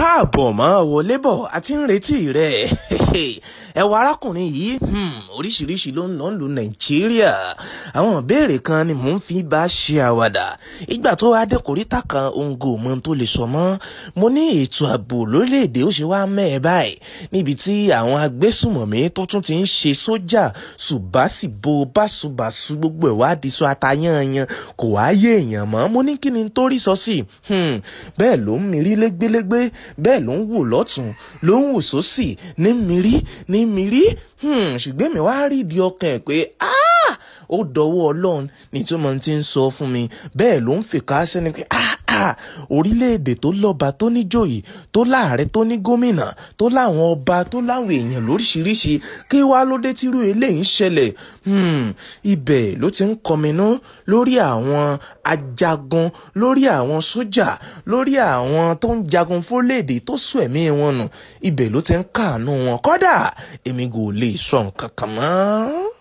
káàbọ̀ mọ́ wọlé bọ̀ a ti ń retí rẹ̀ ẹ wo arákùnrin yìí hmm, oríṣiríṣi ló ń lọ ń lu nàìjíríà àwọn ìbéèrè kan ni mò ń fi bá ṣe àwàdà ìgbà tó wá dẹkùrítà kan ongo mọ tó lè sọ mọ́ mo ní ètò ààbò lórílẹ̀‐èdè ó ṣe wá mẹ́ẹ̀ báyìí níbi tí àwọn agbésùmọ̀mí tó tún ti ń ṣe sójà ṣùbásìbo báṣubàṣu gbogbo ẹ̀ wá di sọ atayanyan kò wá yé èèyàn mọ́ mo ní kí ni torí sọ sí hmm, bẹ́ẹ̀ ló ń mirí légbélégbé bẹ́ẹ̀ ló ń wò lọ́tún ló ń wò sósì ní mirí ní rí mi rí hmm, ṣùgbọ́n èmi wá rí di ọkàn ẹ̀ pé ah, ó dọwọ́ ọlọ́run nítorí mo ti ń sọ fún mi bẹ́ẹ̀ ló ń fìkà sẹ́ni pé ah orílẹ̀-èdè tó lọ́ba tó níjòyè tó láàrẹ tó ní gómìnà tó láwọn ọba tó láwọn èèyàn lóríṣiríṣi kí wá ló dé tírú eléyìí ń ṣẹlẹ̀ hmm, ibẹ̀ ló ti ń kọminú lórí àwọn ajagun lórí àwọn sójà lórí àwọn tó ń jagun fólédè tó sùn ẹ̀mí wọn nù ibẹ̀ ló ti ń káàánú wọn kọ́dà èmi kò lè sọ nǹkan kan mọ́.